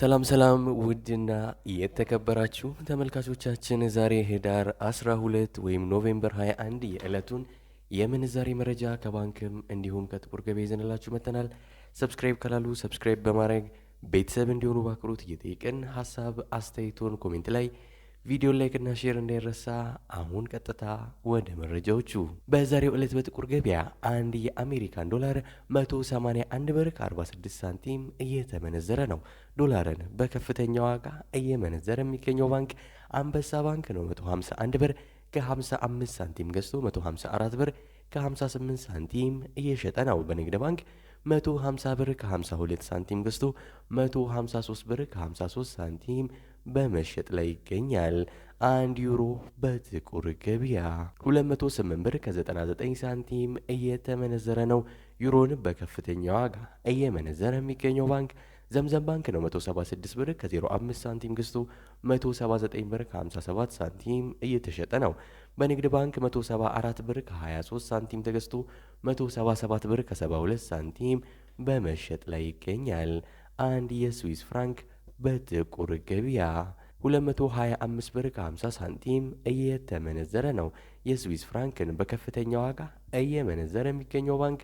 ሰላም ሰላም ውድና የተከበራችሁ ተመልካቾቻችን ዛሬ ህዳር 12 ወይም ኖቬምበር 21 የዕለቱን የምንዛሬ መረጃ ከባንክም እንዲሁም ከጥቁር ገበያ ይዘንላችሁ መጥተናል። ሰብስክራይብ ካላሉ ሰብስክራይብ በማድረግ ቤተሰብ እንዲሆኑ ባክሩት እየጠየቅን ሀሳብ አስተያየቶን ኮሜንት ላይ ቪዲዮ ላይክና ሼር እንዳይረሳ። አሁን ቀጥታ ወደ መረጃዎቹ። በዛሬው ዕለት በጥቁር ገበያ አንድ የአሜሪካን ዶላር 181 ብር ከ46 ሳንቲም እየተመነዘረ ነው። ዶላርን በከፍተኛ ዋጋ እየመነዘረ የሚገኘው ባንክ አንበሳ ባንክ ነው። 151 ብር ከ55 ሳንቲም ገዝቶ 154 ብር ከ58 ሳንቲም እየሸጠ ነው። በንግድ ባንክ 150 ብር ከ52 ሳንቲም ገዝቶ 153 ብር ከ53 ሳንቲም በመሸጥ ላይ ይገኛል። አንድ ዩሮ በጥቁር ገበያ 208 ብር ከ99 ሳንቲም እየተመነዘረ ነው። ዩሮን በከፍተኛ ዋጋ እየመነዘረ የሚገኘው ባንክ ዘምዘም ባንክ ነው። 176 ብር ከ05 ሳንቲም ገዝቶ 179 ብር ከ57 ሳንቲም እየተሸጠ ነው። በንግድ ባንክ 174 ብር ከ23 ሳንቲም ተገዝቶ 177 ብር ከ72 ሳንቲም በመሸጥ ላይ ይገኛል። አንድ የስዊስ ፍራንክ በጥቁር ገበያ 225 ብር ከ50 ሳንቲም እየተመነዘረ ነው። የስዊስ ፍራንክን በከፍተኛ ዋጋ እየመነዘረ የሚገኘው ባንክ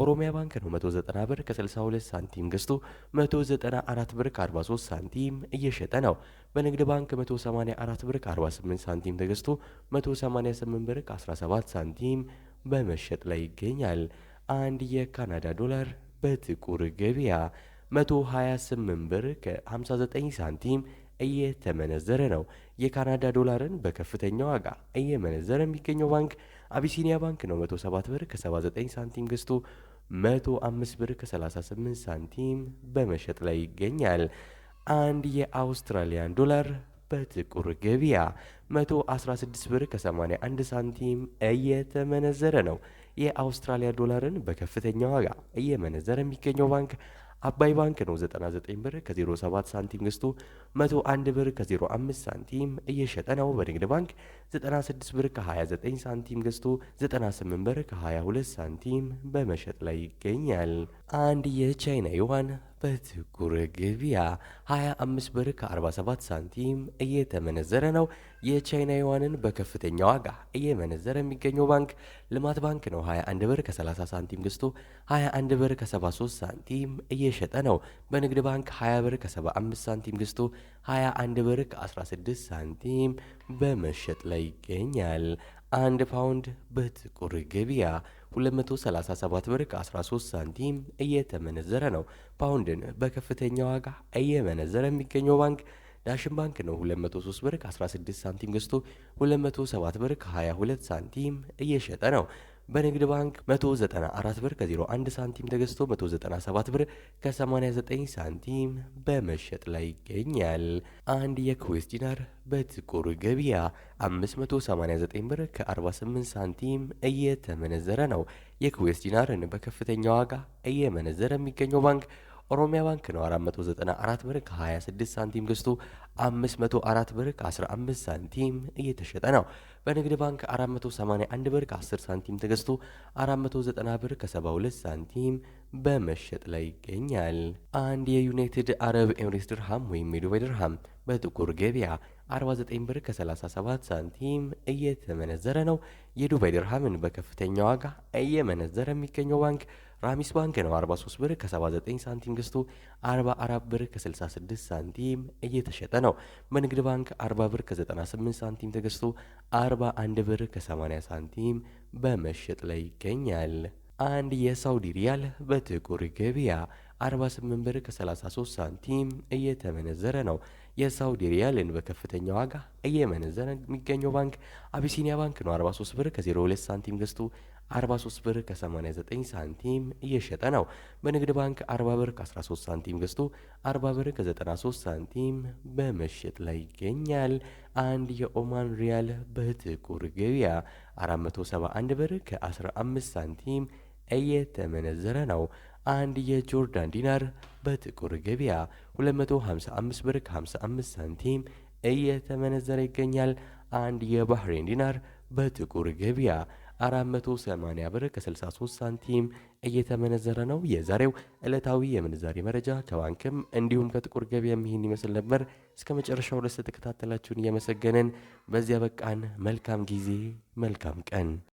ኦሮሚያ ባንክ ነው። 190 ብር ከ62 ሳንቲም ገዝቶ 194 ብር ከ43 ሳንቲም እየሸጠ ነው። በንግድ ባንክ 184 ብር ከ48 ሳንቲም ተገዝቶ 188 ብር ከ17 ሳንቲም በመሸጥ ላይ ይገኛል። አንድ የካናዳ ዶላር በጥቁር ገበያ 128 ብር ከ59 ሳንቲም እየተመነዘረ ነው። የካናዳ ዶላርን በከፍተኛ ዋጋ እየመነዘረ የሚገኘው ባንክ አቢሲኒያ ባንክ ነው። 107 ብር ከ79 ሳንቲም ገዝቶ 105 ብር ከ38 ሳንቲም በመሸጥ ላይ ይገኛል። አንድ የአውስትራሊያን ዶላር በጥቁር ገበያ 116 ብር ከ81 ሳንቲም እየተመነዘረ ነው። የአውስትራሊያ ዶላርን በከፍተኛ ዋጋ እየመነዘረ የሚገኘው ባንክ አባይ ባንክ ነው 99 ብር ከ07 ሳንቲም ገዝቶ 101 ብር ከ05 ሳንቲም እየሸጠ ነው። በንግድ ባንክ 96 ብር ከ29 ሳንቲም ገዝቶ 98 ብር ከ22 ሳንቲም በመሸጥ ላይ ይገኛል። አንድ የቻይና ዩዋን በጥቁር ገበያ 25 ብር ከ47 ሳንቲም እየተመነዘረ ነው። የቻይና ዩዋንን በከፍተኛ ዋጋ እየመነዘረ የሚገኘው ባንክ ልማት ባንክ ነው። 21 ብር ከ30 ሳንቲም ገዝቶ 21 ብር ከ73 ሳንቲም እየሸጠ ነው። በንግድ ባንክ 20 ብር ከ75 ሳንቲም ገዝቶ 21 ብር ከ16 ሳንቲም በመሸጥ ላይ ይገኛል። አንድ ፓውንድ በጥቁር ገበያ 237 ብር 13 ሳንቲም እየተመነዘረ ነው። ፓውንድን በከፍተኛ ዋጋ እየመነዘረ የሚገኘው ባንክ ዳሽን ባንክ ነው። 203 ብር 16 ሳንቲም ገዝቶ 207 ብር 22 ሳንቲም እየሸጠ ነው። በንግድ ባንክ 194 ብር ከ01 ሳንቲም ተገዝቶ 197 ብር ከ89 ሳንቲም በመሸጥ ላይ ይገኛል። አንድ የኩዌስ ዲናር በጥቁር ገበያ 589 ብር ከ48 ሳንቲም እየተመነዘረ ነው። የኩዌስ ዲናርን በከፍተኛ ዋጋ እየመነዘረ የሚገኘው ባንክ ኦሮሚያ ባንክ ነው 494 ብር ከ26 ሳንቲም ገዝቶ 504 ብር ከ15 ሳንቲም እየተሸጠ ነው። በንግድ ባንክ 481 ብር ከ10 ሳንቲም ተገዝቶ 490 ብር ከ72 ሳንቲም በመሸጥ ላይ ይገኛል። አንድ የዩናይትድ አረብ ኤምሬትስ ድርሃም ወይም የዱባይ ድርሃም በጥቁር ገበያ 49 ብር ከ37 ሳንቲም እየተመነዘረ ነው። የዱባይ ድርሃምን በከፍተኛ ዋጋ እየመነዘረ የሚገኘው ባንክ ራሚስ ባንክ ነው። 43 ብር ከ79 ሳንቲም ገዝቶ 44 ብር ከ66 ሳንቲም እየተሸጠ ነው። በንግድ ባንክ 40 ብር ከ98 ሳንቲም ተገዝቶ 41 ብር ከ80 ሳንቲም በመሸጥ ላይ ይገኛል። አንድ የሳውዲ ሪያል በጥቁር ገበያ 48 ብር ከ33 ሳንቲም እየተመነዘረ ነው። የሳውዲ ሪያልን በከፍተኛ ዋጋ እየመነዘረ የሚገኘው ባንክ አቢሲኒያ ባንክ ነው። 43 ብር ከ02 ሳንቲም ገዝቶ 43 ብር ከ89 ሳንቲም እየሸጠ ነው። በንግድ ባንክ 40 ብር ከ13 ሳንቲም ገዝቶ 40 ብር ከ93 ሳንቲም በመሸጥ ላይ ይገኛል። አንድ የኦማን ሪያል በጥቁር ገበያ 471 ብር ከ15 ሳንቲም እየተመነዘረ ነው። አንድ የጆርዳን ዲናር በጥቁር ገበያ 255 ብር 55 ሳንቲም እየተመነዘረ ይገኛል። አንድ የባህሬን ዲናር በጥቁር ገበያ 480 ብር ከ63 ሳንቲም እየተመነዘረ ነው። የዛሬው ዕለታዊ የምንዛሬ መረጃ ከባንክም እንዲሁም ከጥቁር ገበያ ይህን ይመስል ነበር። እስከ መጨረሻው ተከታተላችሁን እያመሰገንን በዚያ በቃን። መልካም ጊዜ፣ መልካም ቀን